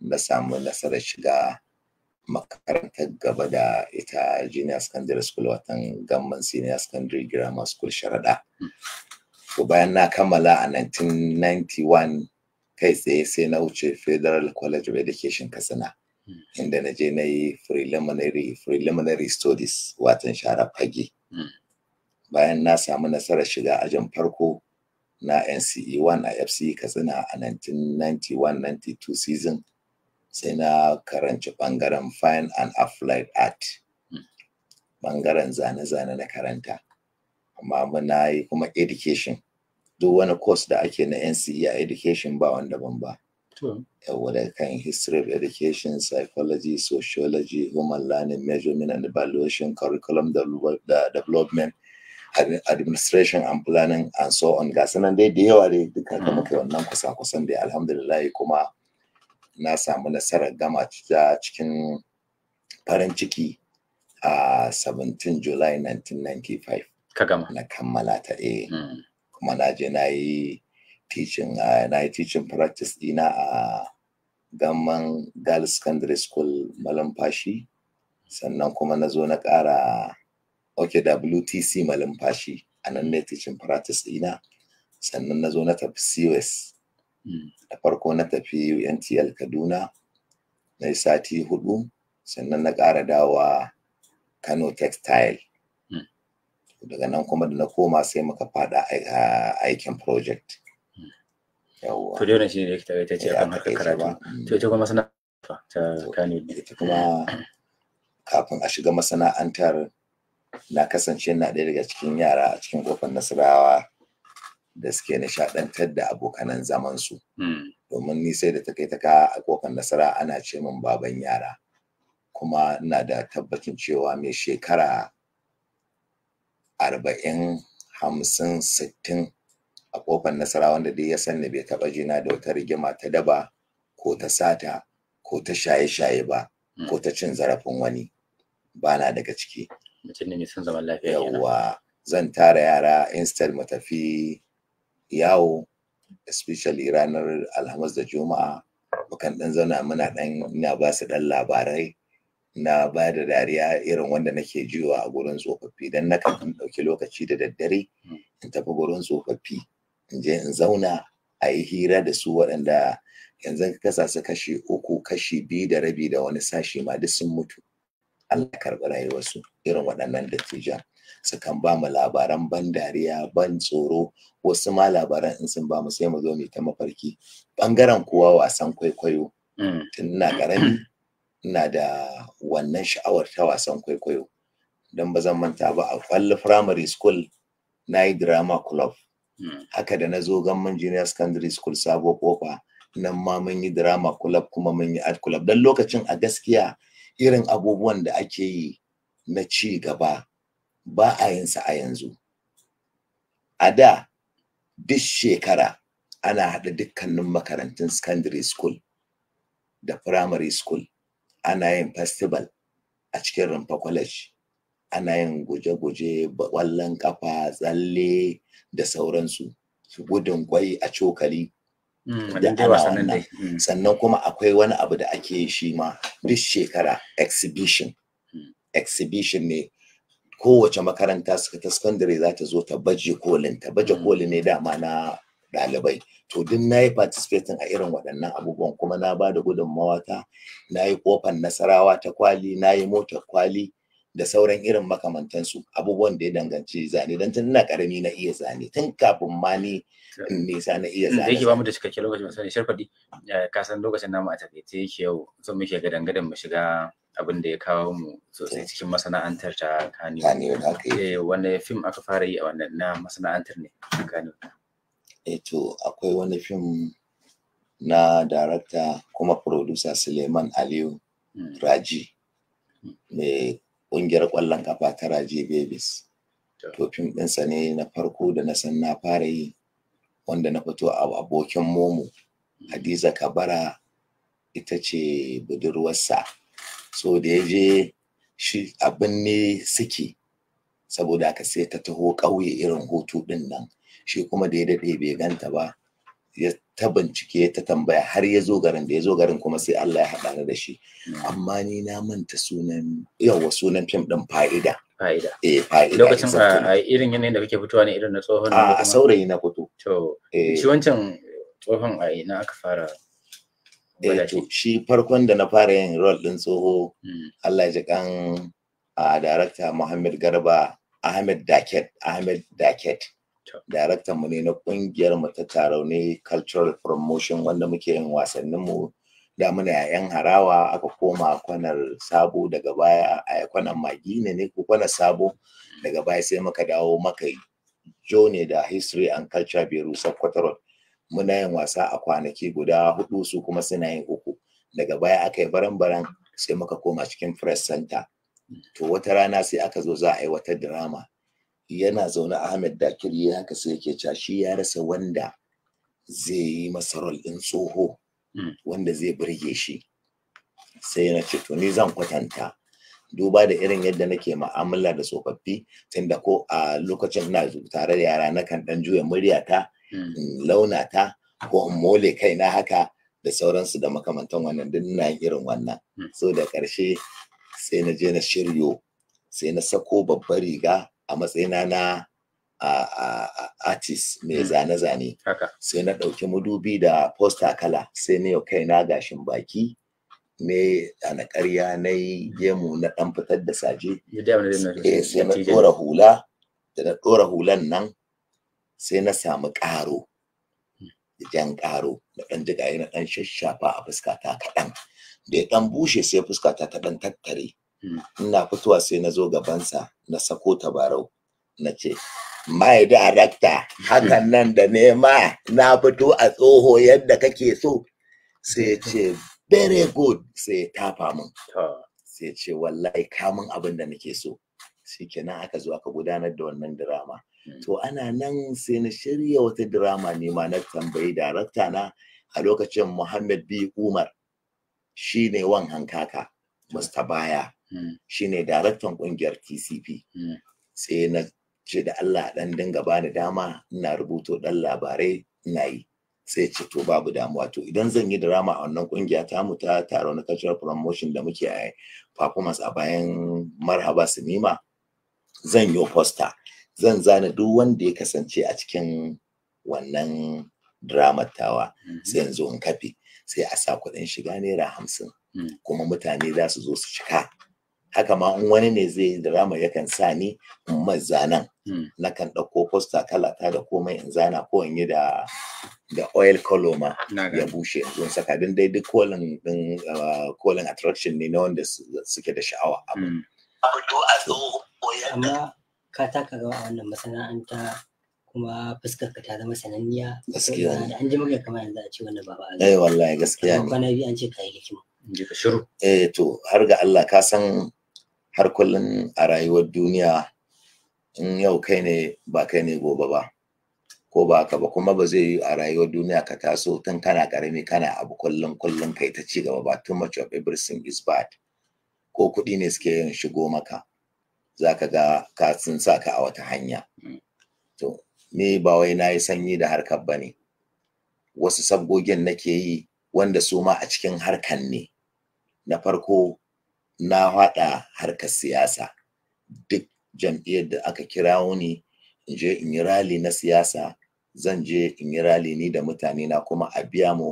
na samu nasarar shiga makarantar gaba da ita junior secondary school watan gamman senior secondary grammar school sharaɗa to bayan na kammala a 1991 kai tsaye sai na wuce federal college of education katsina inda na je na yi preliminary, preliminary studies watan shara fage bayan na samu nasarar shiga ajin farko na nce 1 a fce katsina a 1991-92 season sai na karanci bangaren fine and applied art bangaren hmm. zane-zane na karanta amma muna yi kuma education duk wani course da ake na NCEA education ba wanda ban ba yawon da kan history of education psychology sociology human learning measurement and evaluation curriculum development administration and planning and so on ga sanan dai da yawa dai duka da hmm. muke wannan kusa-kusan dai alhamdulillah kuma na samu nasarar gama ta cikin farin ciki a 17 July 1995 ka gama na kammala ta e kuma na je na yi teaching na yi teaching practice dina a gamman girls secondary school malumfashi sannan kuma na zo na ƙara OKWTC malumfashi a nan ne teaching practice dina sannan na zo na tafi cos da farko na tafi UNTL Kaduna na sati hudu sannan na ƙara dawa Kano Textile hmm. daga nan kuma da na koma sai muka fada aikin project hmm. yawwa shi ne ta ce karatu hmm. to ita kuma ta Kano ita kuma kafin a shiga masana'antar na kasance na ɗaya daga cikin yara a cikin kofar Nasarawa da suke nishadantar da abokanan zaman su hmm. domin ni sai da ta kai ta ka abokan nasara ana ce min baban yara kuma ina da tabbacin cewa mai shekara arba'in hamsin sittin a kofar nasara wanda dai ya sanni bai taɓa jina da wata rigima ta daba ko ta sata ko ta shaye-shaye ba hmm. ko ta cin zarafin wani ba na daga ciki mutum ne mai son zaman lafiya yawa zan tara yara instead mu tafi yawo especially ranar alhamis da juma'a mukan dan zauna muna dan ina ba su dan labarai na ba da dariya irin wanda nake jiwa a gurin tsofaffi dan na kan ɗauki lokaci da daddare in tafi gurin tsofaffi in je in zauna a yi hira da su waɗanda yanzu ka kasa su kashi uku kashi biyu da rabi da wani sashi ma duk sun mutu Allah karɓi rayuwarsu irin waɗannan dattijan sukan ba mu labaran ban dariya ban tsoro wasu ma labaran in sun ba mu sai mu zo mu ta mafarki bangaren kuwa wasan kwaikwayo mm. tun ina karami na da wannan sha'awar ta wasan kwaikwayo don ba zan manta ba a kwallo primary school na yi drama club mm. haka da na zo gamman junior secondary school sabo kofa nan ma mun yi drama club kuma mun yi art club don lokacin a gaskiya irin abubuwan da ake yi na ci gaba ba a yin sa a yanzu a da duk shekara ana haɗa dukkanin makarantun secondary school da primary school ana yin festival a cikin rumfa college ana yin guje-guje ƙwallon kafa tsalle da sauransu gudun kwai a cokali mm, mm. sannan kuma akwai wani abu da ake shi ma duk shekara exhibition mm. exhibition ne kowace makaranta suka ta secondary za ta zo ta baje kolin ta baje mm. koli ne dama na ɗalibai to duk na yi participating a irin waɗannan abubuwan kuma na ba da gudunmawa ta na yi kofar nasarawa ta kwali na yi motar kwali da sauran irin makamantansu abubuwan da ya danganci zane don tun ina karami na iya zane tun kafin ma ni nisa na iya zane. yake ba mu da cikakken lokaci masu ne sharfadi eh, ka san lokacin namu a takaice yake yau sun muke ga dangadan mu shiga abin da ya kawo mu sosai cikin masana'antar ta Kano. Eh, wani fim aka fara yi a wannan na masana'antar ne Kano. Eh to akwai wani fim na darakta kuma producer Suleiman Aliyu hmm. Raji hmm. mai Kungiyar ƙwallon kafa ta Raji Babies. To fim ɗinsa ne na farko da na san na fara yi wanda na fito a abokin momo hmm. Hadiza Kabara ita ce budurwarsa. so da ya je shi abin ne suke saboda aka sai ta taho ƙauye irin hutu ɗin nan shi kuma da ya daɗe bai ganta ba ya ta bincike ta tambaya har ya zo garin da ya zo garin kuma sai Allah ya haɗa da shi hmm. amma ni na manta sunan yawa sunan fim ɗin fa'ida fa'ida eh fa'ida lokacin ah, a irin yanayin da kake fitowa ne irin na tsohon ah, a saurayi na fito to eh. shi wancan tsohon a ina aka fara Eh shi farkon da na fara yin rol ɗin tsoho hmm. Allah ya a darakta Muhammad Garba Ahmed Daket Ahmed Daket daraktan mu ne na kungiyar mu ta Tarauni Cultural Promotion wanda muke yin wasannin mu da muna yayan harawa aka koma kwanar sabo daga baya a kwanar magi ne ne ko kwanar sabo hmm. daga baya sai muka dawo maka jo ne da history and culture bureau Road muna yin wasa a kwanaki guda hudu su kuma suna yin uku daga baya aka yi baran-baran sai muka koma cikin press center to wata rana sai aka zo za a yi wata drama yana zaune ahmed dakir ya haka sai yake cewa shi ya rasa wanda zai yi masa ɗin tsoho hmm. wanda zai burge shi sai na ce to ni zan kwatanta duba da irin yadda nake ma'amala da tsofaffi tunda ko a lokacin ina tare da yara na kan dan juya muryata Hmm. in launa ko in mole kaina haka da sauransu da makamantan wannan duk na irin wannan hmm. so da ƙarshe sai na je na shiryo sai na sako babbar riga a matsayina na artist mai hmm. zane-zane sai na ɗauki madubi da poster kala sai na yau na gashin baki me a na ƙarya na gemu na ɗan fitar da saje eh, sai na ɗora hula da na ɗora hulan nan sai na samu ƙaro hmm. jan ƙaro na ɗan jigaye na ɗan shashafa a fuskata kaɗan da ya ɗan bushe sai fuskata ta ɗan tattare hmm. ina fitowa sai na zo gabansa na sako tabarau na ce mai darakta hakan hmm. nan da nema na fito a tsoho yadda kake so sai ce very good sai tafa min sai ce wallahi kamun abin da nake so shikenan aka zo aka gudanar da wannan drama Mm. to ana nan sai na shirya wata drama ne ma na tambayi darakta na a lokacin Muhammad B Umar Shi ne wan hankaka Mr. Baya mm. Shi ne daraktan kungiyar TCP mm. sai na ce da Allah dan dinga bani dama ina rubuto dan labarai ina yi sai ce to babu damuwa to idan zan yi drama a wannan kungiya ta mu ta taro na cultural promotion da muke a performance a bayan marhaba sinima zan yi poster zan zana duk wanda ya kasance a cikin wannan dramatawa mhm. sai yanzu in kafe sai a sa kuɗin shiga naira hamsin mm. kuma mutane za su zo su cika haka ma in wani ne zai yi ya yakan sa ni in mazanan mm. na kan ɗauko posta kalata da komai in zana ko in yi da da oil color ma ya bushe don saka din dai duk kolin din ah, kolin attraction ne na wanda suke da sha'awa mm. abu to a zo ka taka rawa a wannan masana'anta kuma fuskar ka ta zama sananniya gaskiya ne an ji murya kamar yanzu a ce wannan baba a gaba eh, wallahi gaskiya ne kwana biyu an ce ka yi hikima je ka shiru eh to har ga Allah ka san har kullun a rayuwar duniya in yau kai ne ba kai ne gobe ba ko ba haka ba kuma ba zai yi a rayuwar duniya ka taso tun kana karami kana abu kullum kullum kai ta ci gaba ba too much of everything is bad ko kuɗi ne suke yin shigo maka za ka ga ka sun sa ka a wata hanya to ni ba wai na yi sanyi da harkar ba ne wasu sabgogin nake yi wanda su ma a cikin harkan ne na farko na haɗa harkar siyasa duk jam'iyyar da aka kira wuni in je in yi rali na siyasa zan je in yi rali ni da mutane na kuma a biya mu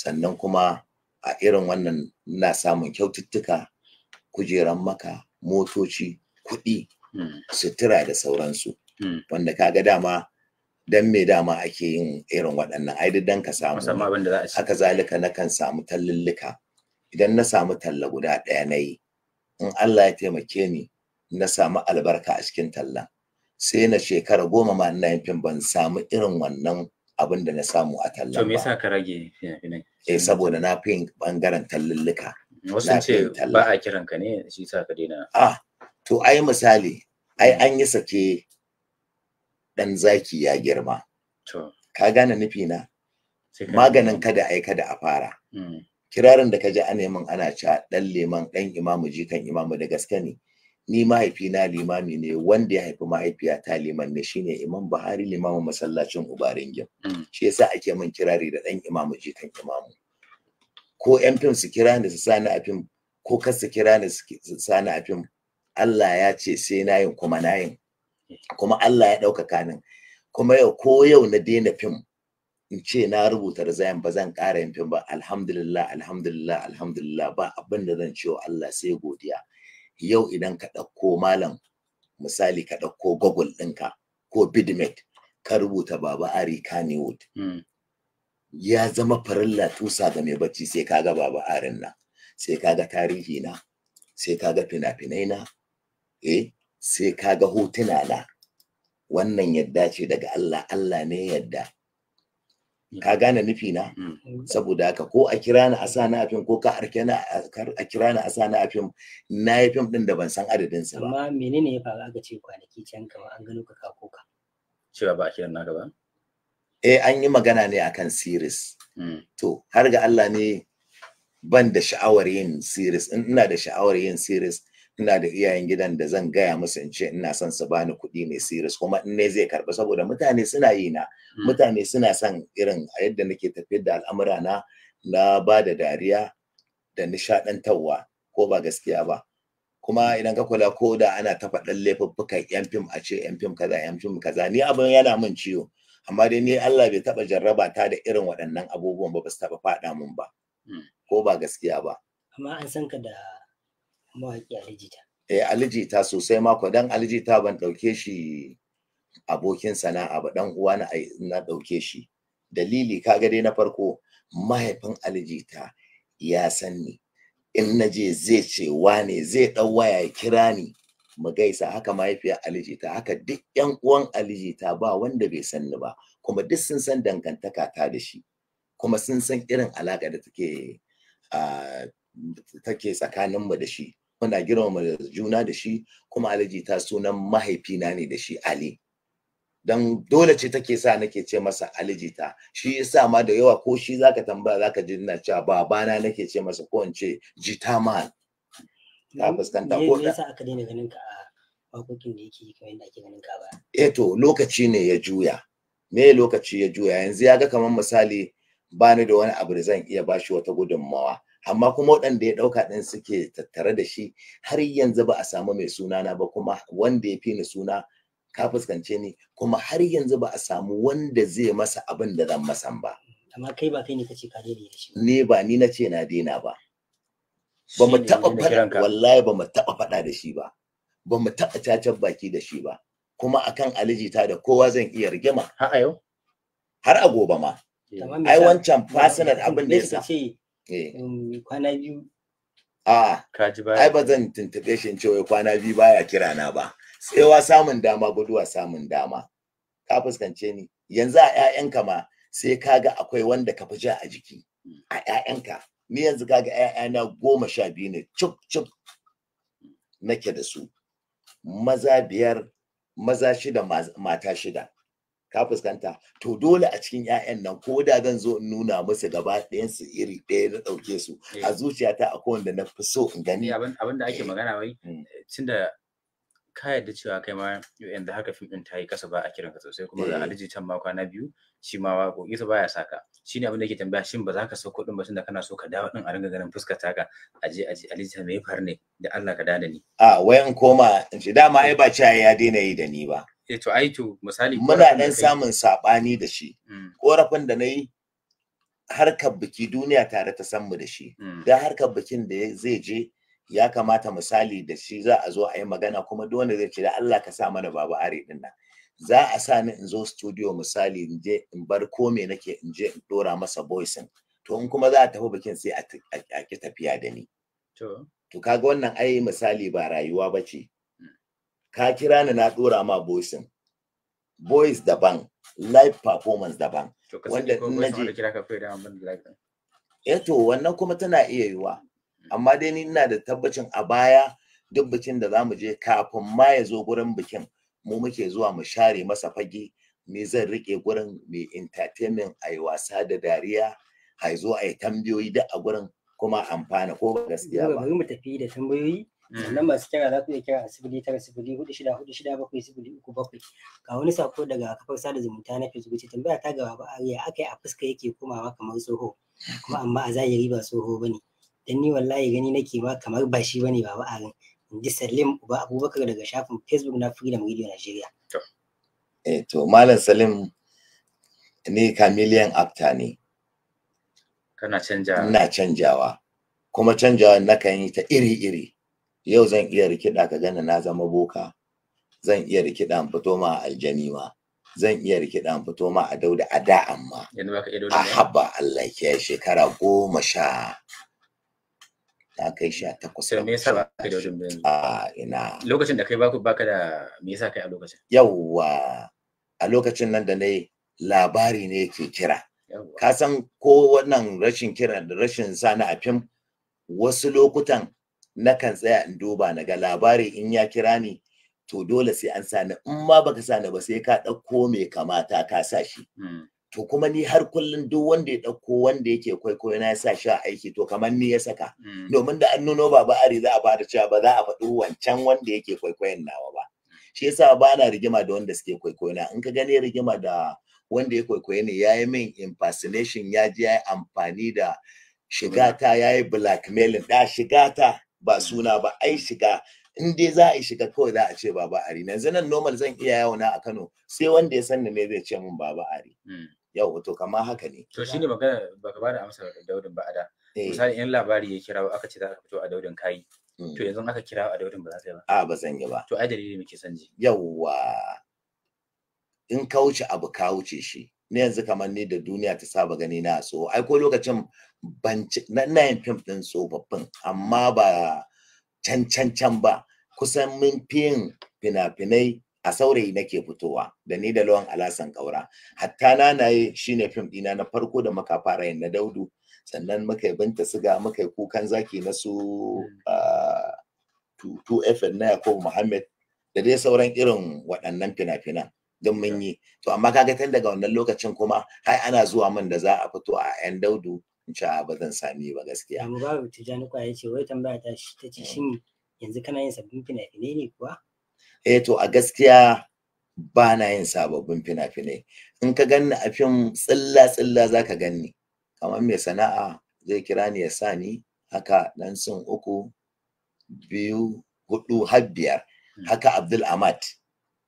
sannan kuma a irin wannan na samun kyaututtuka kujeran maka motoci kuɗi hmm. sutura da sauransu hmm. wanda kaga dama dan me dama ake yin irin waɗannan ai dan ka samu haka zalika na kan samu tallillika idan na samu talla guda ɗaya na yi in Allah ya taimake ni na samu albarka a cikin tallan sai na shekara goma ma ina yin fim ban samu irin wannan abin da na samu a tallan ba. To me yasa ka rage fina-finai? Eh saboda na fi yin bangaren tallillika. Wasu ce ba a kiran ka ne shi sa ka daina. Ah to ai misali ai hmm. an yi sake ɗan zaki ya girma ka gane nufina. na maganin kada ai kada a fara hmm. kirarin da ka ji ana min ana ca ɗan leman ɗan imamu jikan imamu da gaske ne ni mahaifina limami ne wanda ya haifi mahaifiya ta liman ne shine imam buhari limamin masallacin ubaringin hmm. shi yasa ake min kirari da ɗan imamu jikan imamu ko yan fim su kira ni su sani a fim ko kar su kira ni su sani a fim Allah ya ce sai na yin kuma na yin kuma Allah ya ɗaukaka nin kuma yau ko yau na daina fim in ce na rubuta zayan ba zan ƙara yin fim ba alhamdulillah alhamdulillah alhamdulillah ba abin da zan ce wa Allah sai godiya yau idan ka ɗauko malam misali ka ɗauko google ɗinka ko bidmet ka rubuta baba ari kaniwood hmm. ya zama farilla tusa ga mai bacci sai kaga baba arin na, sai kaga tarihi na sai kaga fina-finai na eh sai kaga hotuna na wannan yadda ce daga Allah Allah ne yadda ka mm. gane nufi na mm. saboda haka ko a kira ni a sa na fim ko ka arke na a kira ni a sa na fim na yi fim din da ban san adadin sa ba amma menene ya faru aka ce kwanaki can kamar an gano ka ka ka cewa ba a kiran naka ba eh an yi magana ne akan series mm. to har ga Allah ne ban da sha'awar yin series ina da sha'awar yin series ina da iyayen gidan da zan gaya musu in ce ina son su bani kuɗi mai siris kuma in ne zai karɓi saboda mutane suna yi na hmm. mutane suna son irin a yadda nake tafiyar da al'amura na na ba da dariya da nishaɗantarwa ko ba gaskiya ba kuma idan ka kula ko da ana ta faɗan laifuffukan yan fim a ce yan fim kaza yan fim kaza ni abin yana min ciwo amma dai ni Allah bai taɓa jarraba ta da irin waɗannan abubuwan ba ba su taɓa faɗa min ba hmm. ko ba gaskiya ba amma an san ka da mawaƙi alijita eh sosai mako dan ta ban ɗauke shi abokin sana'a ba dan uwa na na ɗauke shi dalili kaga dai na farko mahaifin ta ya san ni in na je zai ce wane zai ɗau waya ya kira ni mu gaisa haka mahaifiyar ta haka duk yan uwan ta ba wanda bai san ni ba kuma duk sun san dangantaka ta da shi kuma sun san irin alaka da take ah, take tsakaninmu da shi muna girmama juna da shi kuma alhaji ta sunan mahaifina ne da shi ali don dole ce take sa nake ce masa alhaji ta shi yasa ma da yawa ko shi zaka tambaya zaka ji ina cewa babana nake ce masa ko in ce ma. ka fuskanta ko da yasa aka daina ganin ka a da yake kamar yadda ake ganin ka ba eh to lokaci ne ya juya me lokaci ya juya yanzu ya ga kamar misali bani da wani abu da zan iya bashi wata gudunmawa amma kuma waɗanda ya ɗauka ɗin suke tattare da shi har yanzu ba a samu mai suna na ba kuma wanda ya fi ni suna ka fuskance ni kuma har yanzu ba a samu wanda zai masa abin da zan masa ba. Amma kai ba kai ne kace ka daina da shi. Ni ba ni na ce na daina ba. Ba mu taɓa faɗa wallahi ba mu taɓa faɗa da shi ba. Ba mu taɓa cacar baki da shi ba. Kuma akan ta da kowa zan iya rigima. Har a yau? Har a gobe ma. Ai wancan fasinal abin da ya sa. Eh. Um, kwana biyu a ai ba zan tuntuɓe shi cewa ce kwana biyu baya kira na ba tsewa samun dama guduwa samun dama ka fuskance ni yanzu a 'ya'yanka ma sai kaga akwai wanda ka fi ja a jiki a 'ya'yanka ni yanzu kaga 'ya'yana goma sha biyu ne cuk cuk nake da su maza biyar maza shida mata shida ka fuskanta to dole a cikin 'ya'yan nan ko da zan zo in nuna musu gaba ɗayan su iri ɗaya na ɗauke su a eh. zuciyata akwai wanda na fi so in gani eh, abin da ake eh. magana wai mm. da ka yadda cewa kai ma yanzu haka fim ɗin ta yi kasa ba a kiran ka sosai kuma ga alhaji can ma kwana biyu shi ma wa koki ta baya saka shi ne abin da yake tambaya shin ba za ka sauko kuɗin ba da kana so ka dawo ɗin a ringa ganin fuskar taka aje aje aliji ta me far ne da Allah ka dada ni a wai koma in ce dama ai ba cewa ya daina yi da ni ba Eh, ai to misali muna dan samun sabani da shi korafin mm. da nayi harkar biki duniya tare ta san mu da shi mm. da harkar bikin da zai je ya kamata misali da shi za a zo a yi magana kuma duk wanda zai ce da Allah ka sa mana babu are din nan za a sa ni in zo studio misali in je in bar ko me nake in je in dora masa voicing to in kuma za a tafi bikin sai a ki tafiya da ni to kaga wannan ai misali ba rayuwa bace ka kira ni na dora ma boysin boys daban live performance daban wanda na je? eh to wannan kuma tana iya yiwa hmm. amma dai ni ina da tabbacin a baya duk bikin da zamu je kafin ma ya zo gurin bikin mu muke zuwa mu share masa fage me zan rike gurin me entertainment a wasa da dariya a zo a yi tambayoyi da a gurin kuma amfana ko gaskiya ba mu tafi da tambayoyi sannan masu kira za ku iya kira a sifili tara sifili hudu shida hudu shida bakwai sifili uku bakwai ga wani sako daga kafar sada zumunta na facebook ce tambaya ta gaba ba ariya aka yi a fuska yake komawa kamar tsoho kuma amma a zahiri ba tsoho ba ne dan ni wallahi gani nake ma kamar ba shi ne ba ba a ji salim uba abubakar daga shafin facebook na freedom radio nigeria eh to malam salim ni chameleon actor ne kana canjawa ina canjawa kuma canjawa yi ta iri-iri yau zan iya rikida ka gani na zama boka zan iya rikida in fito ma aljani ma zan iya rikida in fito ma a dauda a da amma a haba Allah ke shekara goma sha ta kai sha takwas sai me yasa ba ka da a ina lokacin da kai ba ku baka da me yasa kai a lokacin yawwa a lokacin nan da nayi labari ne ke kira ka san ko wannan rashin kira da rashin sani a fim wasu lokutan nakan tsaya in duba na ga labari in ya kira ni to dole sai an sani in ma baka sani ba sai ka ɗauko mai kamata ka sa shi hmm. to kuma ni har kullum duk wanda ya ɗauko wanda yake kwaikwayo na ya sa shi a aiki to kamar ni ya saka hmm. domin da an nuno baba ari za a bada cewa ba za a faɗi wancan wanda yake kwaikwayon nawa ba shi yasa ba na rigima da wanda suke kwaikwayo na in ka gani rigima da wanda ya kwaikwayo ne ya yi min impersonation ya ji ya yi amfani da shigata ya yi blackmailing da shigata ba suna ba ai shiga in dai za a shiga kawai za a ce baba ari yanzu nan normal zan iya yawo na a Kano sai wanda ya sanni ne zai ce min baba ari hmm. yau to kamar haka ne to shine magana baka bada amsa daudin ba ada eh. misali in labari ya kira aka ce za ka fito a daudin kai hmm. to yanzu aka kira a daudin ba za ka yi ba a ba zan yi ba to ai dalili muke son ji yawwa in ka wuce abu ka wuce shi ni yanzu kamar ni da duniya ta saba gani na so ai ko lokacin ban na yin fim din tsofaffin amma ba can can ba kusan min fiyin fina-finai a saurayi nake fitowa da ni da lawan alasan kaura hatta na naye shine fim ɗina na farko da muka fara yin na daudu sannan muka yi binta siga muka yi kukan zaki na su hmm. ah, tutu fn na yakubu muhammad da dai sauran irin waɗannan fina-finan don mun yi to amma kaga tun daga wannan lokacin kuma har ana zuwa min da za a fito a yan daudu in ce ba zan sami ba gaskiya. Abu babu tijani kwaya ce wai tambaya ta shi ta ce mm. shin yanzu kana yin sabbin fina-finai ne kuwa? Eh to a gaskiya ba na yin sababbin fina-finai in ka ganni a fim tsilla-tsilla za ka ganni kamar mai sana'a zai kira ni ya sani haka dan sun uku biyu hudu har biyar mm. haka Abdul Ahmad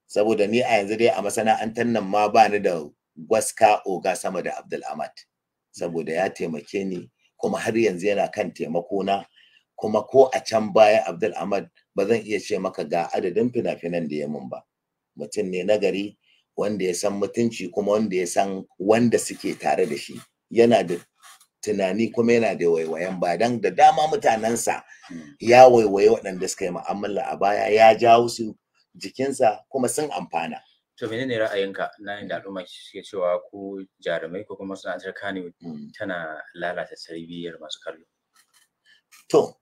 saboda ni a yanzu dai a masana'antar nan ma ba ni da gwaska oga sama da Abdul Ahmad saboda ya taimake ni kuma har yanzu yana kan taimako na kuma ko a can baya Abdul Ahmad ba zan iya ce maka ga adadin fina-finan da ya mun ba mutum ne nagari wanda ya san mutunci kuma wanda ya san wanda suke tare da shi yana da tunani kuma yana da waiwayen ba. don da dama mutanensa hmm. ya waiwaye waɗanda suka yi mu'amala a baya ya jawo su jikinsa kuma sun amfana. To menene ra'ayinka na yin da al'umma ke cewa ko jarumai ko kuma masana'antar kani hmm. tana lalata tarbiyyar masu kallo? To,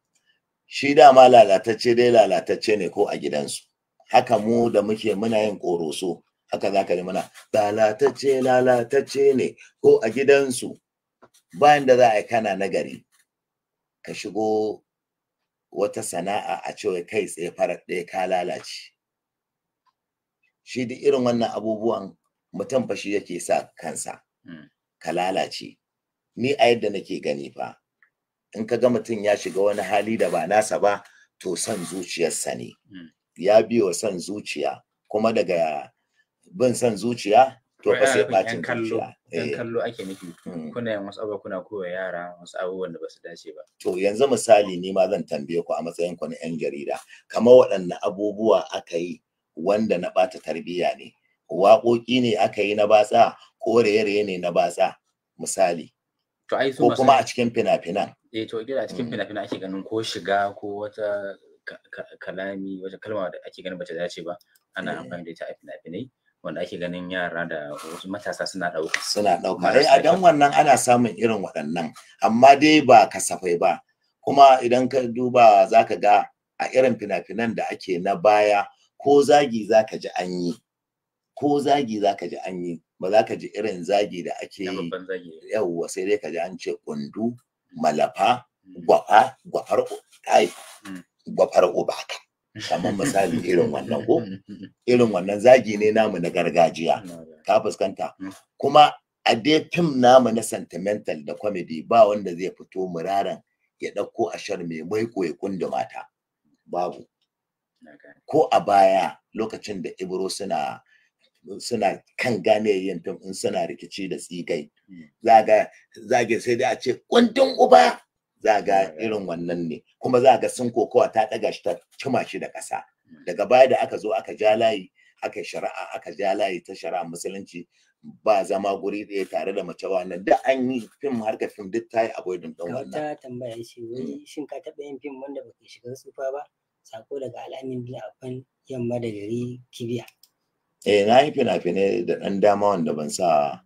shi dama lalatacce dai lalatacce ne ko a gidansu. Haka mu da muke muna yin ƙoroso, haka za ka mana lalatacce lalatacce ne ko a gidansu bayan da za a yi kana nagari. Ka shigo wata sana'a a cewa kai tsaye farat ɗaya ka lalace. shi da irin wannan abubuwan mutum fa shi yake sa kansa hmm. ka lalace ni a yadda nake gani fa in ka ga mutum ya shiga wani hali da ba nasa ba to son zuciyarsa ne hmm. ya biyo son zuciya kuma daga bin son zuciya to fa sai bacin zuciya. yan eh. kallo ake nufi hmm. kuna yin wasu abubuwa kuna koya yara wasu abubuwan da ba su dace ba to yanzu misali ni ma zan tambaye ku a matsayin ku na yan jarida kamar waɗanne abubuwa aka yi wanda na ɓata tarbiyya ne waƙoƙi ne aka yi na batsa ko raye-raye ne na batsa misali ko kuma a cikin fina-finan eh to a cikin mm. fina-finan ake ganin ko shiga ko wata kalami wata kalma da ake ganin bata dace ba ana eh. amfani da ita a fina-finai wanda ake ganin yara da wasu matasa suna ɗauka. Suna ɗauka. Eh, a dan wannan ana samun irin waɗannan, amma dai ba kasafai ba. Kuma idan ka duba za ka ga a irin fina-finan da ake na baya ko zagi za ka ji an yi ko zagi za ka ji an yi ba za ka ji irin zagi da ake yi yawwa sai dai ka ji an ce kundu mm. malafa mm. gwafa gwafar kai mm. gwafar ubaka kamar misali irin wannan ko irin wannan zagi ne namu na gargajiya ka fuskanta kuma a dai fim namu na sentimental da comedy ba wanda zai fito muraren ya ɗauko a shar mai maiko ya kundu mata babu ko a baya lokacin da ibro suna suna kan gane yin fim in suna rikici da tsigai hmm. zaga zage sai dai a ce kundin uba zaga oh irin wannan ne kuma zaga sun kokowa ta daga shi ta cima shi da ƙasa hmm. daga baya da aka zo aka ja layi aka shari'a aka ja ta shari'a musulunci ba zama guri ɗaya tare da mace wannan da an yi fim harka fim duk ta yi abuwa ɗan wannan. Hmm. Ka tambaya shi wani yin fim wanda baka shiga tsufa ba? sako daga alamin bin afan yamma da gari kibiya eh na yi fina-finai da ɗan dama wanda ban sa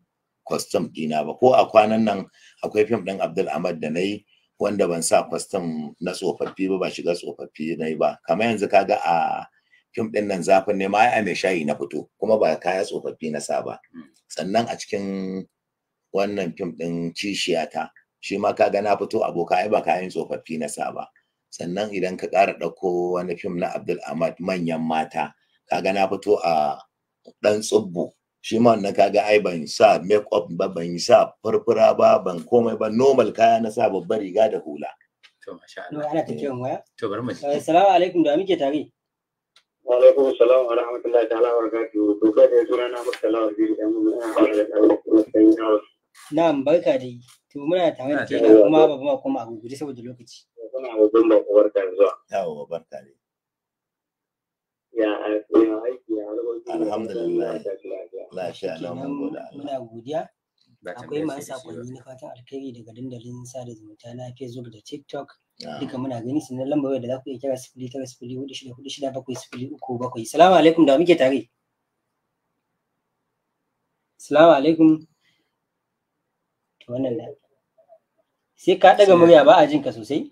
kwastam ɗina ba ko a kwanan nan akwai fim ɗin abdul ahmad da na yi wanda ban sa kwastam na tsofaffi ba ba shiga tsofaffi na yi ba kamar yanzu ka ga a fim ɗin nan zafin ne ma a mai shayi na fito kuma ba kaya tsofaffi na sa ba sannan a cikin wannan fim ɗin cishiyata shi ma ka ga na fito aboka ai ba kayan tsofaffi na sa ba sannan idan ka ƙara ɗauko wani fim na Abdul Ahmad manyan mata kaga na fito a ɗan tsubbu shi ma wannan kaga ai ban sa make up ba ban sa furfura ba ban komai ba normal kaya na sa babbar riga da hula to masha Allah ana ta kiran waya to bar mu assalamu eh, alaikum da muke tare wa alaikum assalam wa rahmatullahi ta'ala wa barakatuh to kai da sunana Murtala wa biyu dan mu na na'am barka dai to muna tare da kuma babu kuma a gugure saboda lokaci Muna wa Bello barka da zuwa. Yawwa barka ne. Ya aiki ya Alhamdulillah. Muna godiya. Akwai masu sakonni na fatan alkhairi daga dandalin sada zumunta na Facebook da TikTok. Ah. Duka muna gani sannan lambar wayar da za ku iya kira sifili tara sifili hudu shida hudu shida bakwai sifili uku bakwai. Salamu alaikum da muke tare. Salamu alaikum. To wannan sai ka ɗaga murya ba a jinka sosai.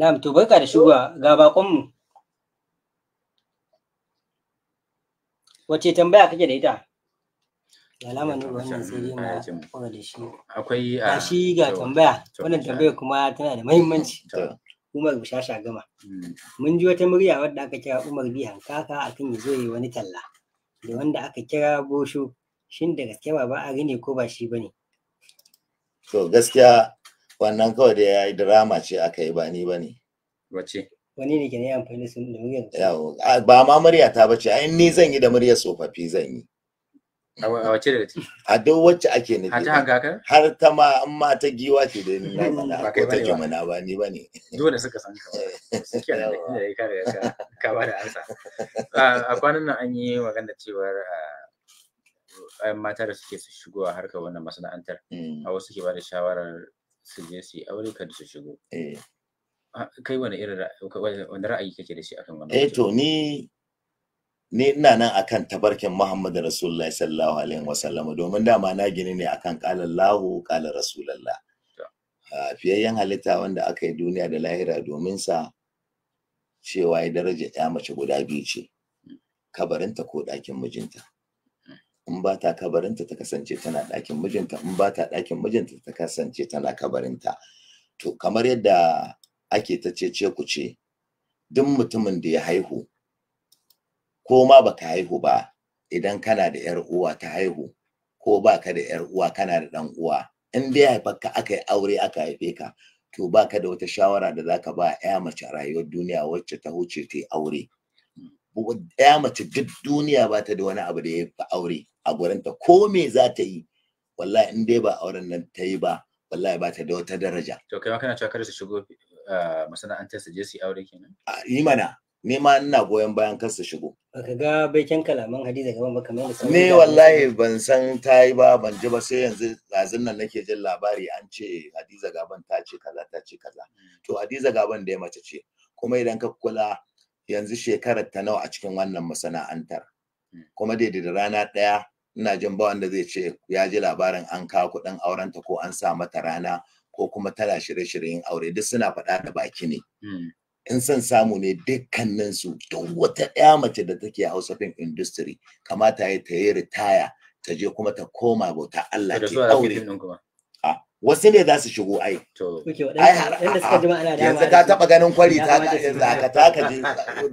Na'am to barka da shuga ga bakonmu. Wace tambaya kake da ita? Alama ne wannan sai dai na kuma da shi. Akwai ah, a shi ga tambaya wannan tambaya kuma tana da muhimmanci. Umar Bushasha Gama. Hmm. Mun ji wata murya wadda aka kira Umar bi hankaka akan ya zo yi wani talla da wanda aka kira Bosho shin da gaske ba ba a gane ko ba shi bane. To gaskiya wannan kawai da ya yi drama ce aka yi ba ni ba ne wace wani ne ke ne amfani da sun da muryar ba ma murya ta bace ai ni zan yi da muryar tsofaffi zan yi a wace daga ciki a duk wacce ake nufi har ta hangaka har ta ma an ma ta giwa ce da ni na hmm, ko ta mana ba ni ba ne dole suka san ka suke da ya kare ka ba da ansa a kwanan nan an yi magana cewar matar da suke shigowa harkar wannan masana'antar hmm. a wasu ke ba da shawarar su je su yi aure kada su shigo eh. ah, kai wani irin ra'ayi kake da shi akan wannan eh to ni ni ina nan akan tabarkin Muhammadu Rasulullahi sallallahu alaihi wasallam domin dama na gini ne akan kalar Allahu qala Rasulullah fiyayyen halitta wanda aka yi duniya da lahira domin sa cewa ya daraja ya mace guda biyu ce hmm. kabarinta ko ɗakin mijinta in ba ta kabarinta ta kasance tana ɗakin mijinta in ba ta ɗakin mijinta ta kasance tana kabarinta to kamar yadda ake ta cece ku ce duk mutumin da ya haihu ko ma baka haihu ba idan kana da yar uwa ta haihu ko baka da yar uwa kana da ɗan uwa in dai haifarka aka yi aure aka haife ka to baka da wata shawara da zaka ba ya mace rayuwar duniya wacce ta huce ta yi aure ya mace duk duniya ba ta da wani abu da ya fi aure a gurinta ko me za ta yi wallahi in dai ba auren nan ta yi ba wallahi ba ta da wata daraja to kai ma kana cewa kada su shigo eh, masana'antar su je su aure kenan ni mana ni ma ina goyon bayan kar su shigo ka ga baikin kalaman hadiza gaban ba kamar da ne wallahi ban san ta yi ba ban ji ba sai yanzu lazin nan nake jin labari an ce hadiza gaban ta ce kaza ta ce kaza mm. to hadiza gaban da ya mace ce kuma idan ka kula yanzu shekarar ta nawa a cikin wannan masana'antar kuma daidai da rana ɗaya ina jin ba wanda zai ce ya ji labarin an kawo kuɗin aurenta ko an sa mata rana ko kuma tana shirye-shiryen aure duk suna faɗa da baki ne hmm. in son samu ne dukkanin su duk wata ɗaya mace da take hausa film industry kamata ya ta yi ritaya ta je kuma ta koma bauta Allah ke aure wasu ne za su shigo ai ai har yanzu ka taba ganin kwari ta zakata ka je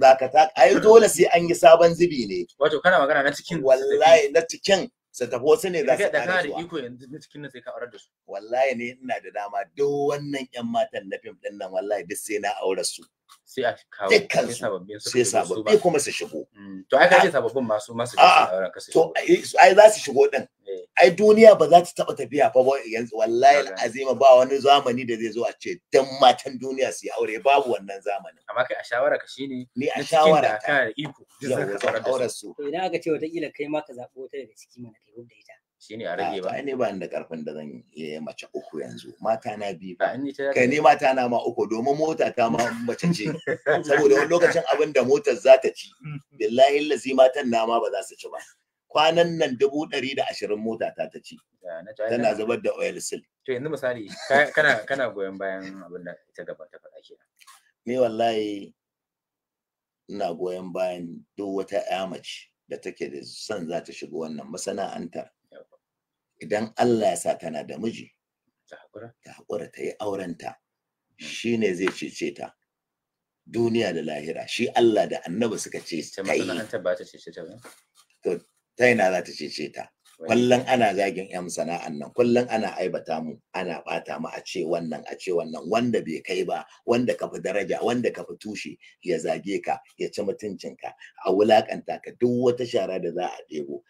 zakata ai dole sai an yi sabon zubi ne wato kana magana na cikin wallahi na cikin su tafi wasu ne za su da kana da iko yanzu na cikin nan sai ka aurar da su wallahi ne ina da dama duk wannan yan matan na fim din nan wallahi duk sai na aurar su sai a kawo sai sababbin sai sababbi kuma su shigo mm, to ai kaje ah. sababbin masu masu auren ah, kasu to ai za su shigo din eh. ai duniya ba za ta taba tafiya fa ba yanzu wallahi azima ba wani zamani da zai zo a ce dan matan duniya su aure babu wannan zamanin amma kai a shawara ka shine ni a shawara ta iko duk zaka aurar su idan aka ce wata kila kai ma ka zabo ta daga ciki mana kai da ita shine a ah, rage ba ne ba ni da karfin da zan iya mace uku yanzu mata na biyu kai ne mata na ma uku domin mota ta ma mace ce saboda wani lokacin abin da motar za ta ci billahi lazi matan na ma ba za su ci ba kwanan nan dubu ɗari da ashirin mota ta ta ci tana zubar da oil sil to yanzu misali kana kana goyon bayan abin da ta gaba ta faɗa ke ni wallahi ina goyon bayan duk wata ƴa mace da take da son za ta shiga wannan masana'antar idan Allah ya sa tana da miji ta haƙura ta yi aurenta hmm. shi ne zai cece ta duniya da lahira shi Allah da annabi suka ce ta yi to ta na za ta cece ta kullum ana zagin yan sana'an nan kullum ana aibata mu ana bata mu a ce wannan a ce wannan wanda bai kai ba wanda ka fi daraja wanda ka fi tushe ya zage ka ya ci mutuncinka a wulakanta ka duk wata shara da za a ɗebo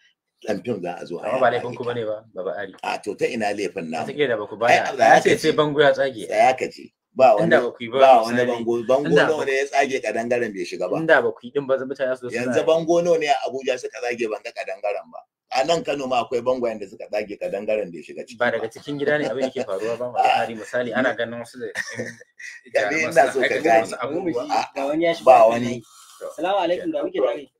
kamfen za a zo a ba laifin ku bane ba baba ari a to ta ina laifin na ta da baku baya ya ce sai bango ya tsage tsaya ka ce ba wani ba wani bango bango nawa ne ya tsage kadangaren bai shiga ba inda ba ku yi din ba mutane su yanzu bango nawa ne a Abuja suka tsage ban ga kadangaren ba a nan Kano ma akwai bangwayen da suka tsage kadangaren da ya shiga ciki ba daga cikin gida ne abin yake faruwa ba ba ari misali ana ganin wasu da ina so ka gani ba wani salamu alaikum ga muke tare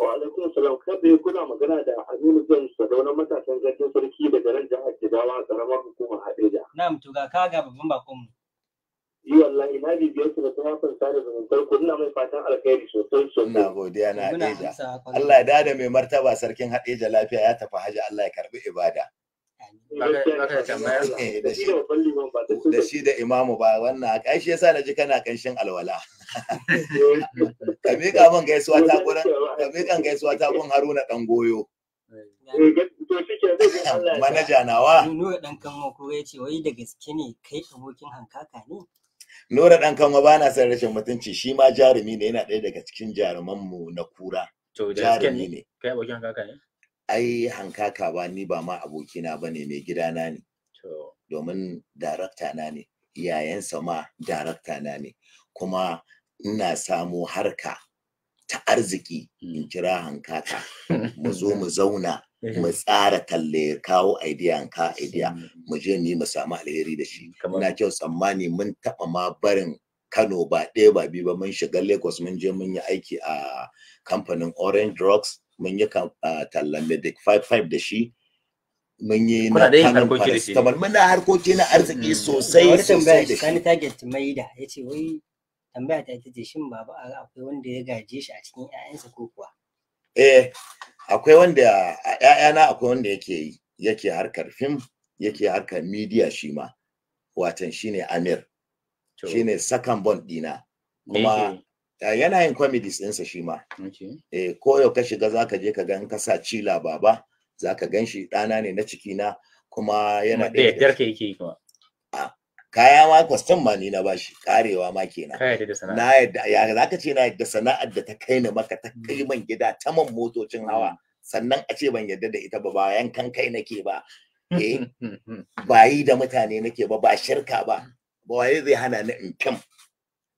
wa alaikum salam kan da kuna magana da Aminu James Sadauna matasan zargin sarki daga nan jihar Jigawa karamar hukumar Hadeja. Na'am to ga ka ga babban bakon Yi wallahi na bibiyar su da kuma fan sada zumuntar ku ina mai fatan alkhairi sosai sosai. Ina godiya na Hadeja. Allah ya dada mai martaba sarkin Hadeja lafiya ya tafi haji Allah ya karbi ibada. Eh, da shi da imamu ba wannan ai shi yasa naji kana kanshin alwala ka miƙa min gaisuwa ta gurin ka miƙa gaisuwa ta gurin Haruna dan goyo eh, manaja nawa Nura dan kanwa ko ya ce wai da gaske ne kai abokin hankaka ne Nura dan kanwa ba na son rashin mutunci shi ma jarumi ne yana ɗaya daga cikin jaruman mu na kura jarumi ne kai abokin hankaka ne ai hankaka ba ni ba ma abokina ba ne mai gidana ne domin darakta na ne iyayensa ma darakta na ne kuma ina samo harka ta arziki in hmm. kira hankaka mu zo mu zauna mu tsara talle kawo idea ka idea hmm. mu je ni mu samu alheri da shi ina kyau tsammani mun taba ma barin Kano ba ɗaya ba biyu ba mun shiga Lagos mun je mun yi aiki a kamfanin Orange Drugs mun yi tallan medic 55 da shi mun yi na kanin paracetamol muna harkoki na arziki mm. sosai sosai da shi target mai da ya ce wai tambaya ta ita ce shin baba akwai wanda ya gaje shi a cikin ƴaƴansa ko kuwa eh akwai wanda a ƴaƴana akwai wanda yake yake harkar fim yake harkar media shi ma watan shine Amir shine second bond dina kuma eh, Eh, yana yin comedies ɗinsa shi ma eh ko yau ka shiga zaka je ka ga kasa cila baba zaka gan shi ɗana ne na ciki na kuma yana da yake kuma kaya ma kwastan ma ni na bashi karewa ma kenan na yadda ya zaka ce na yadda sana'ar da ta kai ni maka ta kai mm. man gida ta man motocin hawa mm. sannan a ce ban yadda da ita ba bayan kan kai nake ba eh mm, ba yi da mutane nake ba ba shirka ba ba waye zai hana ni in fim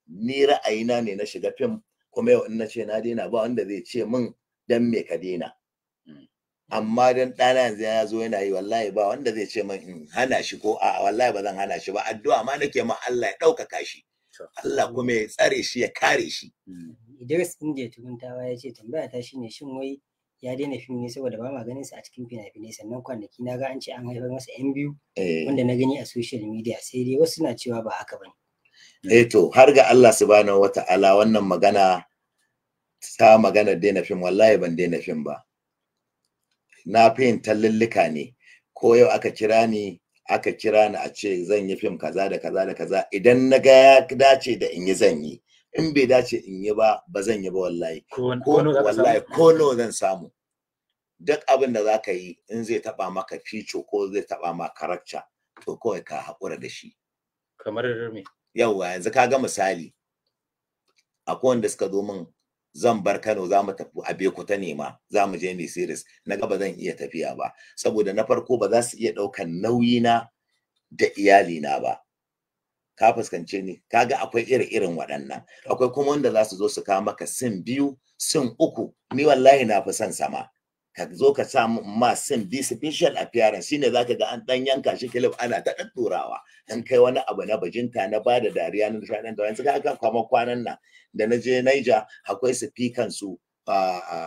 ni ra'ayina ne na shiga fim kuma yau in na ce na daina ba wanda zai ce min dan me ka daina hmm. amma dan ɗana yanzu ya zo yana yi wallahi ba wanda zai ce min in hana shi ko a wallahi ba zan hana shi ba addu'a ma nake ma Allah ya ɗaukaka shi Allah kuma ya tsare shi ya kare shi hmm. Idris Inje tawa ya ce tambaya ta ne shin wai ya daina fim ne saboda ba ma ganin sa a cikin fina-finai sannan kwanaki na ga an ce an haifar masa yan biyu eh. wanda na gani a social media sai dai wasu na cewa ba haka bane eh to har ga Allah subhanahu wata'ala wannan magana ta magana daina fim wallahi ban daina fim ba na fahim tallallika ne ko yau aka kira ni aka kira ni a ce zan yi fim kaza da kaza da kaza idan na ga ya dace da in yi zan yi in bai dace in yi ba ba zan yi ba wallahi wallahi ko nawa zan samu duk abin da zaka yi in zai taba maka fico ko zai taba maka karakta to kawai ka haƙura da shi kamar me yauwa yanzu kaga misali akwai wanda suka zo min zan bar Kano za mu tafi a Bekuta ne ma za mu je mai series na ga ba zan iya tafiya ba saboda na farko ba za su iya ɗaukan nauyi na da iyali na ba ka fuskance ni kaga akwai iri-irin waɗannan akwai kuma wanda za su zo su kawo maka sin biyu sin uku ni wallahi na fi son sama ka zo ka sa ma sin bi special appearance shine zaka ga an ɗan yanka shi kilif ana ta daddurawa in kai wani abu na bajinta na bada dariya na nishaɗin da yanzu ka kwama kwanan nan da na je Niger akwai speaker su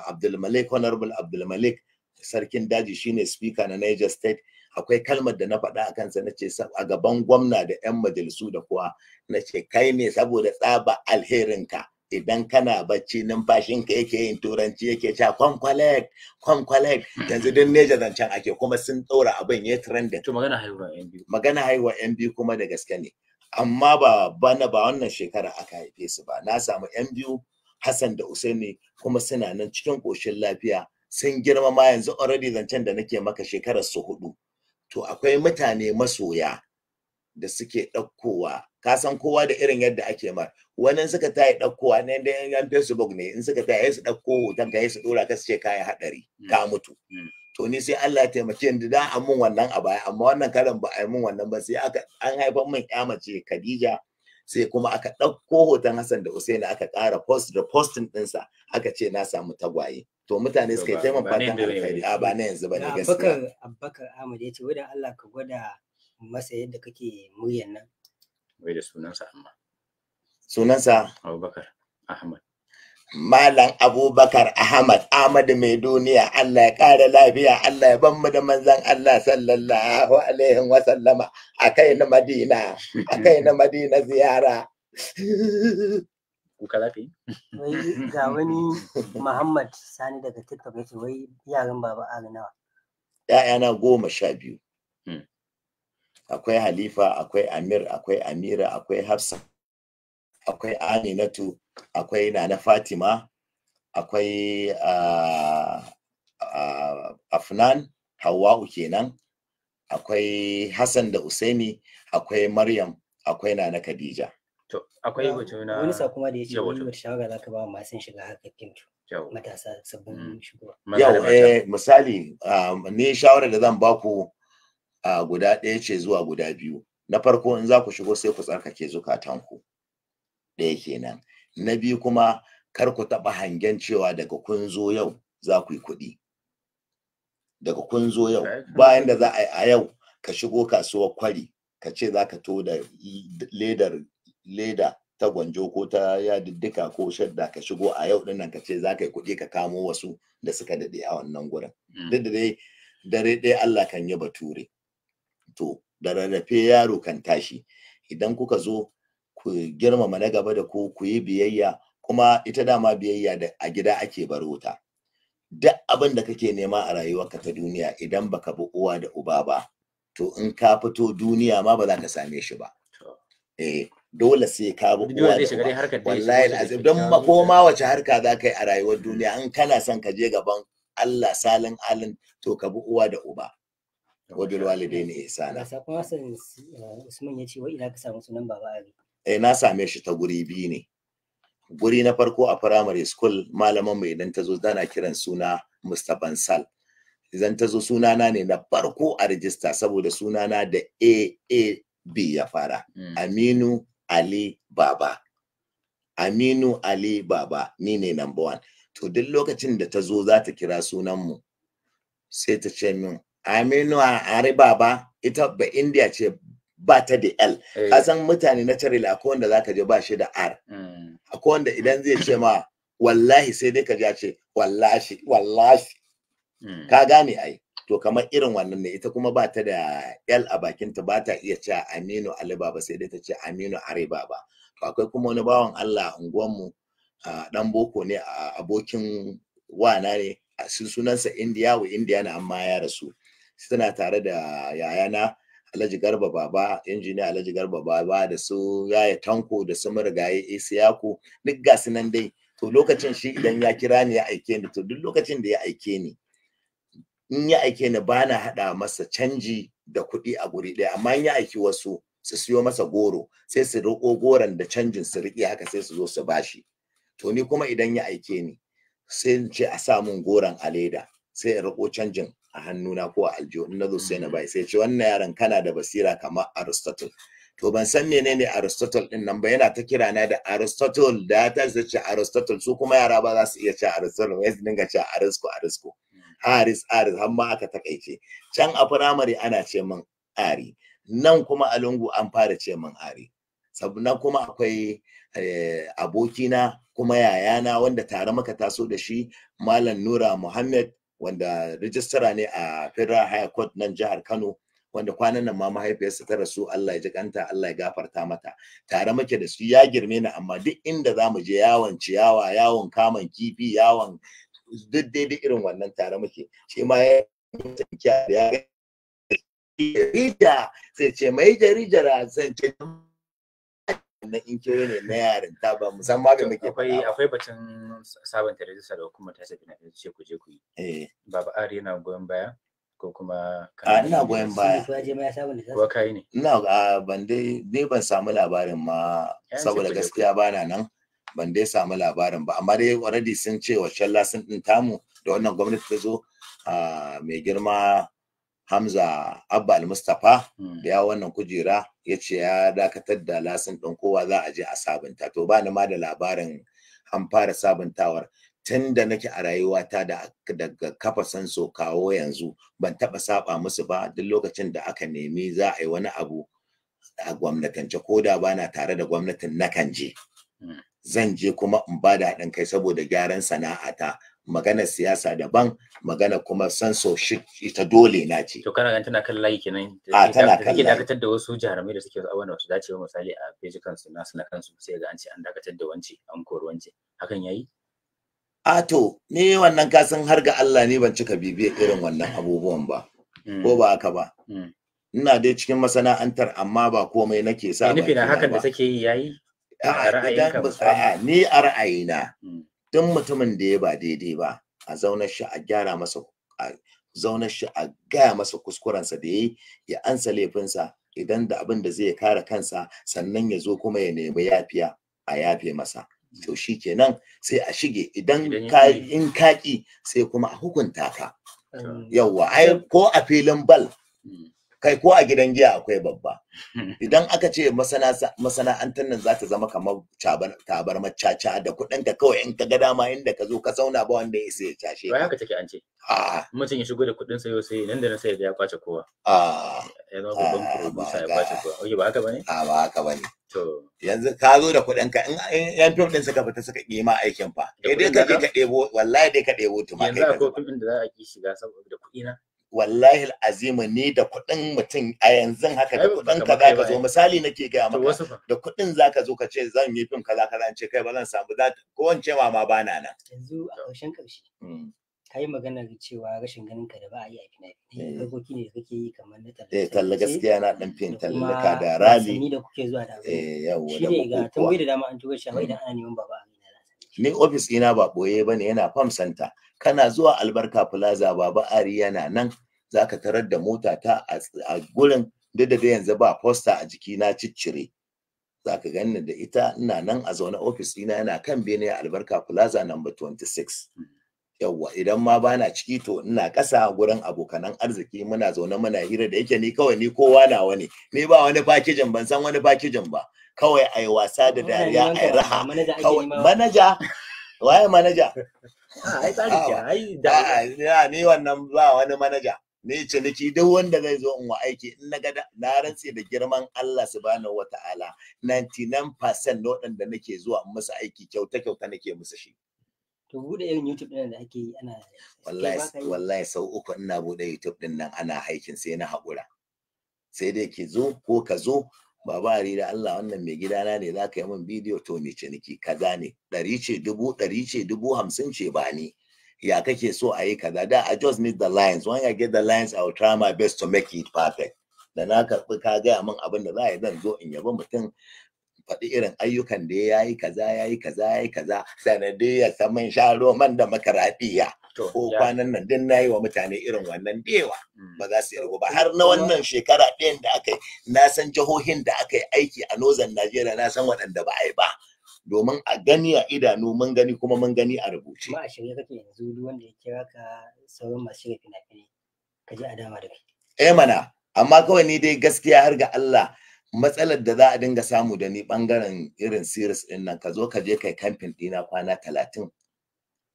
Abdulmalik Honorable Abdulmalik sarkin daji shine speaker na Niger State akwai kalmar da na faɗa a kansa na ce a gaban gwamna da 'yan majalisu da kowa na ce kai ne saboda tsaba alherinka idan kana bacci numfashinka yake yin turanci yake cewa kwankwalek kwankwalek yanzu duk neja zancen ake kuma sun ɗora abin ya trending to magana haihuwa yan biyu magana haihuwa yan biyu kuma da gaske ne amma ba bana ba wannan shekara aka haife su ba na samu yan biyu Hassan da Usaini kuma suna nan cikin koshin lafiya sun girma ma yanzu already zancen da nake maka shekarar su hudu to akwai mutane masoya da suke ɗaukowa ka san kowa da irin yadda ake mar wani suka ta yi ɗaukowa ne da yan facebook ne in suka ta yi su ɗauko hoton ka su ɗora ka su ce kayan haɗari ka mm. mutu mm. to ni sai Allah ya taimake ni da an mun wannan a baya amma wannan karan ba a yi mun wannan ba sai aka an haifar min ya mace Khadija sai kuma aka ɗauko hoton Hassan da Usaini aka ƙara post da posting ɗinsa aka ce na samu tagwaye to mutane suka yi taimakon fatan alkhairi a ba na yanzu ba ne gaskiya Abubakar Ahmad ya ce wadda Allah ka gwada masa yadda kake muryan nan bai da sunansa amma sunansa abubakar ahmad Malam Abubakar Ahmad Ahmad mai duniya Allah ya ƙara lafiya Allah ya ban mu da manzan Allah sallallahu alaihi wa sallama a kai na Madina a kai na Madina ziyara kuka lafi wai ga wani Muhammad Sani daga TikTok yace wai yaran baba Arnawa ya'yana goma sha biyu hmm. akwai halifa akwai amir akwai amira akwai hafsa akwai aminatu akwai nana fatima akwai ah, ah, afnan hawa'u kenan akwai hassan da usaini akwai maryam akwai nana khadija akwai batu wani sa kuma da ya ce wani wata shawara za ka ba masu shiga haka kintu matasa sabbin mm. shigowa yau eh, misali ah, ne shawarar da zan baku a guda ɗaya ce zuwa guda biyu na farko in za ku shigo sai ku tsarkake zukatanku ɗaya kenan na biyu kuma kar ku taɓa hangen cewa daga kun zo yau za ku yi kuɗi daga kun zo yau bayan da za a yi a yau ka shigo kasuwar kwari ka ce za ka to da ledar leda ta gwanjo ko ta yadiddika ko shadda ka shigo a yau dinnan ka ce za ka yi kuɗi ka kamo wasu da suka daɗe a wannan gurin hmm. duk da dai dare ɗaya Allah kan yi bature to da rarrafe yaro kan tashi idan kuka zo ku girmama na gaba da ku ku yi biyayya kuma ita dama biyayya da a gida ake barota ta duk abin da kake nema a rayuwarka ta duniya idan baka bi uwa da uba ba to in ka fito duniya ma ba za ka same shi ba eh dole sai ka bi uwa da uba wallahi azim don makoma wace harka za ka yi a rayuwar duniya in kana son ka je gaban Allah salin alin to ka bi uwa da uba wa bil walidaini ihsana eh, kuma Hassan Usman ya ce wa ina ka samu sunan Baba Ali eh na same shi ta guri biyu ne guri na farko a primary school malaman mai idan tazo dana kiran suna Mr. Bansal idan tazo sunana ne na farko a register saboda sunana da AAB ya fara hmm. Aminu Ali Baba Aminu Ali Baba ni ne number one to duk lokacin da ta zo za ta kira sunanmu sai ta ce min aminu a ariba baba ita ba india ce ba ta da l eh. ka san mutane na tare akwai wanda zaka je ba shi da r mm. akwai wanda idan zai ce ma wallahi sai dai ka ja ce wallahi wallahi mm. ka gane ai to kamar irin wannan ne ita kuma ba ta da l a bakinta ba ta iya ce aminu ali baba sai dai ta ce aminu ariba baba akwai kuma wani bawan allah a unguwanmu dan boko ne a abokin wana ne sunansa indiya wa indiya na amma ya rasu suna tare da yayana Alhaji Garba Baba, injiniya Alhaji Garba Baba da su Yaya Tanko da su Marigayi Isiyaku duk ga su nan dai. To lokacin shi idan ya kira ni ya aike ni to duk lokacin da ya aike ni in ya aike ni ba na haɗa masa canji da kuɗi a guri ɗaya amma in ya aiki wasu su siyo masa goro sai su roƙo goron da canjin su riƙe haka sai su zo su bashi. To ni kuma idan ya aike ni sai in ce a sa min goron a leda sai in roƙo canjin a hannuna ko a aljihu in nazo sai na mm. bai sai ce wannan yaron kana da basira kamar Aristotle to ban san menene Aristotle din nan ba yana ta kira na da Aristotle da ta ce Aristotle su kuma yara ba za su iya ce Aristotle ba su dinga ce Arisko Arisko mm. Aris Aris har ma aka takaice can a firamare ana ce min Ari nan kuma a lungu an fara ce min Ari sabunan kuma akwai eh, abokina kuma yayana wanda tare muka taso da shi Malam Nura Muhammad wanda rijistara ne a federal high court nan jihar kano wanda kwanan nan ma mahaifiyarsa ta rasu Allah ya ji kanta Allah ya gafarta mata tare muke da su ya girme ni amma duk inda zamu je yawon ciyawa yawon kaman kifi yawon duk daidai irin wannan tare muke shi ma ya ya sai ce mai jarijara zan ce na inkiyoyi ne na yarinta ba musamman da muke akwai akwai bacin sabanta rajista da hukumar ta tafi na ce ku je ku yi eh. baba ari yana goyon baya ko kuma a ina goyon baya ko kai ne ina ban dai dai ban samu labarin ma saboda gaskiya bana nan ban dai samu labarin ba amma dai already sun ce wa shalla sun din tamu da wannan gwamnati ta zo mai girma Hamza Abba Al-Mustapha hmm. da ya wannan kujera ya ce ya dakatar da lasin ɗin kowa za a je a sabunta. To ba ni ma da labarin an fara sabuntawar tun da nake a rayuwata da daga kafa so kawo yanzu ban taɓa saba musu ba duk lokacin da aka nemi za a yi wani abu a gwamnatance ko da ba na tare da gwamnatin na kan je. Hmm. Zan je kuma in ba da haɗin kai saboda gyaran sana'ata magana siyasa daban magana kuma censorship ita dole na ce to kana ganin tana kan layi kenan a tana kan layi dakatar da wasu jarumai da suke zuwa wannan wasu dace misali a page kansu nasu na kansu sai ga an ce an dakatar da wanci an kori wanci hakan yayi a to ni wannan kasan har ga Allah ne ban cika bibiya irin wannan abubuwan ba ko hmm. ba haka ba hmm. ina dai cikin masana'antar amma ba komai nake sa ba fina hakan da take yi yayi a ra'ayinka ni a ra'ayina hmm. duk mutumin da ya ba daidai ba a zaunar shi a gyara masa zaunar shi a gaya masa kuskurensa da yi ya ansa laifinsa idan da abin da zai kare kansa sannan ya zo kuma ya nemi yafiya a yafe masa to shi kenan sai a shige idan ka in kaki sai kuma a hukunta ka yawwa ai ko a filin bal hmm. kai ko a gidan giya akwai babba idan aka ce masana'antar nan za ta zama kamar tabar macaca da kuɗin ka kawai in ka ga dama inda ka zo ka sauna ba wanda ya isa ya cashe ka haka take an ce mutum ya shigo da kuɗin sayo sai nan da nan sai ya kwace kowa ya zama babban producer ya kwace kowa oke ba haka bane a ba haka bane to yanzu ka zo da kuɗin ka in yan fim din suka fita suka kima aikin fa eh dai ka je ka ɗebo wallahi dai ka ɗebo tuma yanzu akwai kuɗin da za a ki shiga saboda kuɗi na wallahi azima ne da kuɗin mutum a yanzu haka da kuɗin ka za ka zo misali nake gaya maka da kuɗin za ka zo ka ce zan yi fim kaza kaza ce kai ba zan samu za ko wance ma ma bana nan yanzu a ƙarshen ƙarshe hmm. ka yi da cewa rashin ganin ka da ba a yi a fina-finai eh. harkoki ne da kake yi kamar na tallace eh talla gaskiya na dan fin tallaka da rali da kuke zuwa da eh yawa da ga tambayi da dama an tura shi amma hmm. idan ana neman baba ni ofis ina ba boye ba ne yana fam santa kana zuwa albarka plaza baba ari yana nan za ka tarar da mota ta a gurin duk da yanzu ba poster a jiki na ciccire za ka gani da ita ina nan a zaune ofis ina yana kan bene albarka plaza number 26 yawwa idan ma bana ciki to ina kasa gurin abokanan arziki muna zaune muna hira da yake ni kawai ni kowa nawa ne ni ba wani fakijin ban san wani fakijin ba kawai a yi wasa da dariya a yi raha kawai manaja waye manaja ah, ai da ah, ah, ni wannan ba wani manaja ni ciniki duk wanda zai zo in wa aiki in na gada na rantse da girman Allah subhanahu wataala 99% na waɗanda nake zuwa in musu aiki kyauta kyauta nake musu shi to bude irin YouTube din da ake yi ana wallahi wallahi sau uku ina bude YouTube din nan ana aikin sai na haƙura sai dai ki zo ko ka zo babari da Allah wannan mai gidana ne za ka yi min bidiyo to mai ciniki kaza ne ɗari ce dubu ɗari ce dubu hamsin ce ba ni ya kake so a yi kaza da I just need the lines when I get the lines I will try my best to make it perfect da na karɓi ka gaya min abin da za a yi zan zo in yabi mutum faɗi irin ayyukan da ya yi kaza ya yi kaza ya yi kaza sanadiyar saman sharo man da ko kwanan nan din nayi wa mutane irin wannan dewa mm. ba za su yi ba har na wannan shekara ɗayan da aka yi na san jihohin da aka yi aiki a nozan Najeriya na san waɗanda ba a yi ba domin a gani a idanu mun gani kuma mun gani a rubuce. Ba a shirya kake yanzu duk wanda ya kira ka sauran masu shirya fina-finai ka ji a dama da kai. Eh mana amma kawai ni dai gaskiya har ga Allah matsalar da za a dinga samu da ni bangaren irin series din nan ka zo ka je kai kamfin dina kwana talatin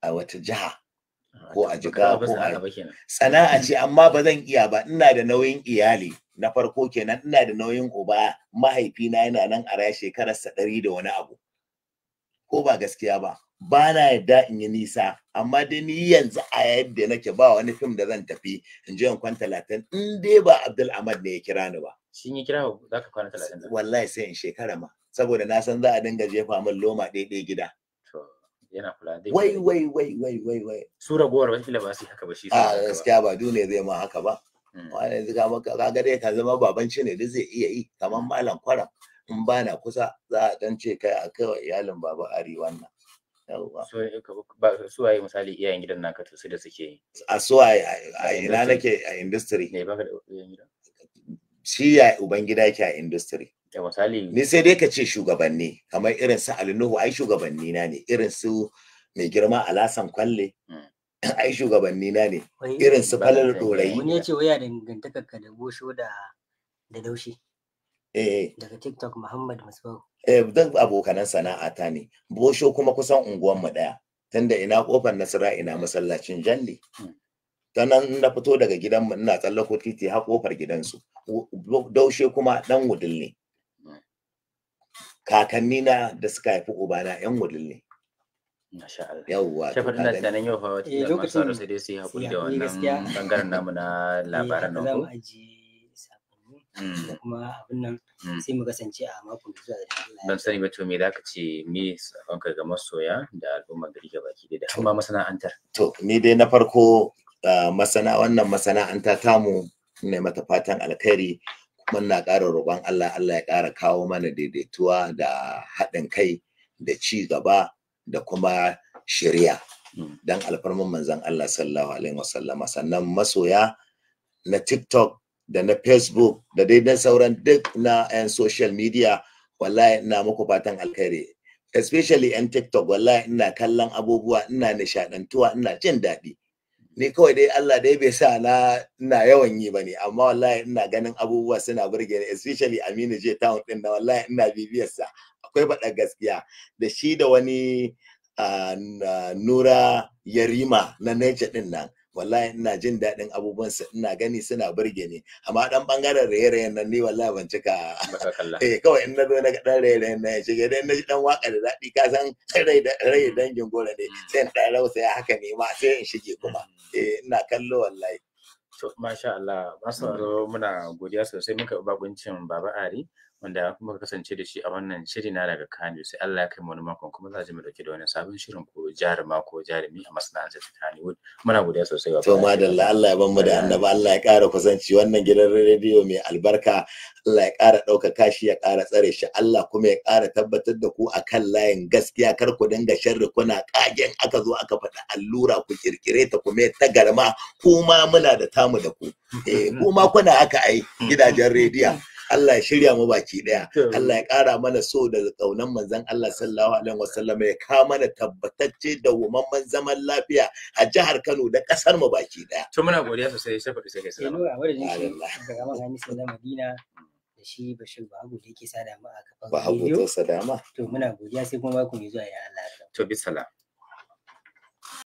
a wata jiha ko a jika ko a sana'a ce amma ba zan iya ba ina da nauyin iyali na farko kenan ina da nauyin uba mahaifina yana nan a raya shekarar sa ɗari da wani abu ko ba gaskiya ba ba na yadda in yi nisa amma dai ni yanzu a yadda nake ba wani fim da zan tafi in je in kwanta talatin in dai ba Abdul Ahmad ne ya kira ni ba Shin yi kira za ka kwana talatin wallahi sai in shekara ma saboda na san za a dinga jefa min loma ɗaya gida yana kula dai wai wai wai wai wai wai Sura ragowar wani kila ba su haka ba shi a gaskiya ba dole zai ma haka ba wani hmm. zika maka kaga dai ka zama babanci ne duk zai iya yi kamar hmm. malam kwaram in bana kusa za a dan ce kai a kai iyalin baba ari wannan eh, su waye misali iyayen gidan naka to sai da suke yi a su a ina nake a industry ne ba ka da iyayen gidan shirya ubangida yake a industry ni sai dai ka ce shugabanni kamar irin su alinuhu ai shugabanni na ne irin su mai girma alasan kwalle hmm. ai shugabanni na ne irin su falal dorayi wani ya ce waya dangantaka ka da gosho da da laushi eh, eh daga tiktok muhammad musbahu eh dan abokanan sana'a ta ne bosho kuma kusan unguwan mu daya tunda ina kofar nasara ina masallacin jalli hmm. sannan na fito daga gidan ina tsallako titi har kofar gidansu daushe kuma dan wudil ne kakanni na da suka haifi ubana yan wudil ne yawwa shafar ina tunanin yau fa wata eh, masu sai dai su yi hakuri da wannan bangaren namu na eh, labaran nan ko mm. da kuma abin nan mm. sai mu kasance a makon da zuwa da ban sani ba to me za ka ce me sakon ka ga masoya da al'ummar gari gabaki da kuma masana'antar to ni dai na farko masana wannan masana'anta tamu ne mata fatan alkhairi kuma na ƙara roƙon Allah Allah ya ƙara kawo mana daidaituwa da haɗin kai da ci gaba da kuma shirya hmm. don alfarmar manzon Allah sallallahu alaihi wasallama sannan masoya na TikTok da na Facebook da dai na sauran duk na yan social media wallahi ina muku fatan alkhairi especially yan TikTok wallahi ina kallon abubuwa ina nishadantuwa ina jin daɗi ni kawai dai Allah dai bai sa na ina yawan yi bane amma wallahi ina ganin abubuwa suna burge ni especially Aminu J Town din da wallahi ina bibiyar sa akwai faɗa gaskiya da shi da wani ah, ah, Nura Yarima na Niger din nan wallahi ina jin daɗin abubuwan su ina gani suna burge ni amma dan bangaren raye-rayen nan ni wallahi ban cika eh kawai in na zo na dan raye-rayen nan shige dan na dan waka da daɗi ka san rai rai dangin gora ne mm. sai in dan rausa ya haka ne ma sai in shige kuma mm. eh ina kallo wallahi to masha Allah masu muna godiya sosai muka bakuncin baba Ari wanda kuma ka kasance da shi a wannan shiri na daga Kano sai Allah ya kai mu wani makon kuma za a ji mu dauke da wani sabon shirin ko jaruma ko jarumi a masana'antar Kannywood muna godiya sosai ba to madalla Allah ya mu da annaba Allah ya kara kusanci wannan gidan rediyo mai albarka Allah ya kara ɗaukaka shi ya kara tsare shi Allah kuma ya kara tabbatar da ku a kan layin gaskiya kar ku dinga sharri kuna kagen aka zo aka faɗi allura ku kirkire ta kuma ta garma kuma muna da tamu da ku eh kuma kuna aka ai gidajen rediyo. Allah ya shirya mu baki daya Allah ya kara mana so da kaunan manzon Allah sallallahu alaihi wasallam ya ka mana tabbatacce da wumamman zaman lafiya a jihar Kano da kasar mu baki daya to muna godiya sosai sai faɗi sai sai sallama a madadin shi daga mahani na Madina da shi Bashir da yake sada mu a to sadama to muna godiya sai kuma zuwa ya Allah to bisala